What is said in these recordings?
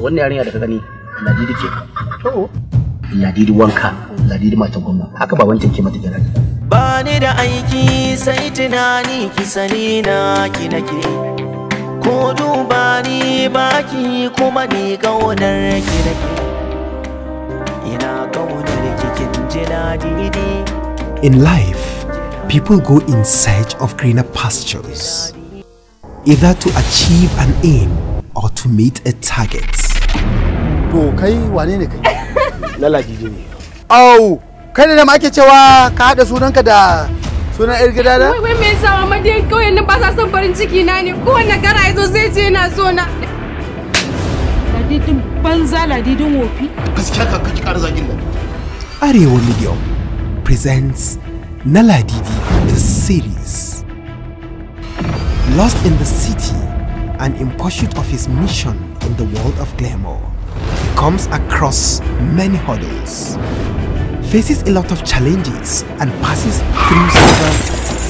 wannan yarinya da ka gani ladidi ce to ladidi wanka ladidi mata gwamna haka baban wancan ke mata jana ba ni da aiki sai tunani ki sani na ki nake ko duba ni baki kuma ni gaunar ki nake ina kaunar kikin ji ladidi in life people go in search of greener pastures either to achieve an aim or to meet a target to kai wane ne kai lalaji je ne au kai ne da ma ake cewa ka haɗa sunanka da sunan ƴar gida da wai me yasa mama dai kawai nan ba sa son farin ciki na ne kowanne gara yazo zai ce yana so na ladidin banza ladidin wofi gaskiya ka kaki ƙara zagin nan arewa medium presents na ladidi the series lost in the city and in pursuit of his mission in the world of glamour he comes across many hurdles, faces a lot of challenges and passes through several tests.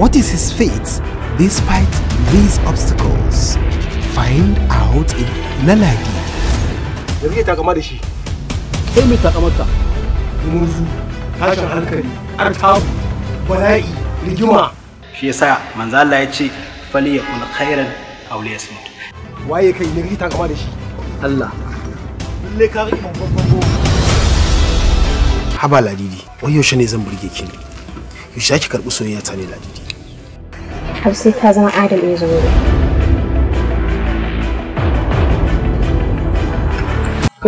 What is his fate despite these obstacles? Find out in Nalagi. Kai mai Shi yasa manzo Allah ya ce fali yakun khairan aw liyasmut. waye kai ne kake takama da shi Allah lalle ka rike babban go haba ladidi wai yaushe ne zan burge ki ne yaushe ki karbi soyayya ta ne ladidi har sai ka zama adam ya zo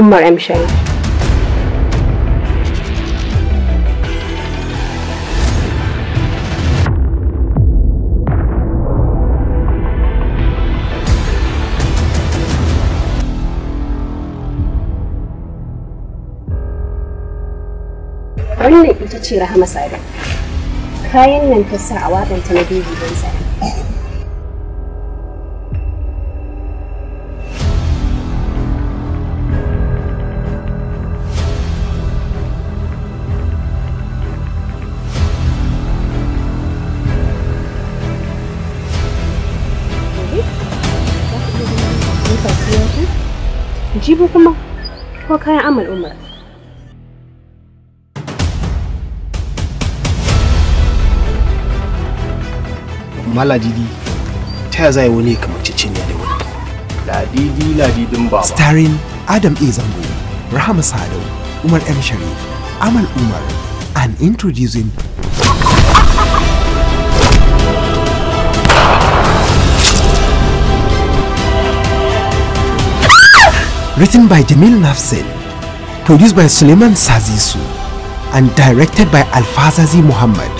Umar M. wannan ita ce rahama sada kayan nan ta sa a waƙanta na bebi don sada jibi kuma ko kayan amal umar Maladidi ta zai wani cicin da wani. Ladidi ladidin baba. Starring Adam A. Zango, Rahama Sado, Umar M. Sharif, Amal Umar, and introducing Written by Jamil Nafsin, produced by Suleiman Sazisu, and directed by Alfazazi Muhammad.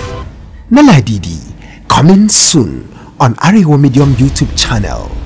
Na Ladidi. Coming soon on Ariwo Medium YouTube channel.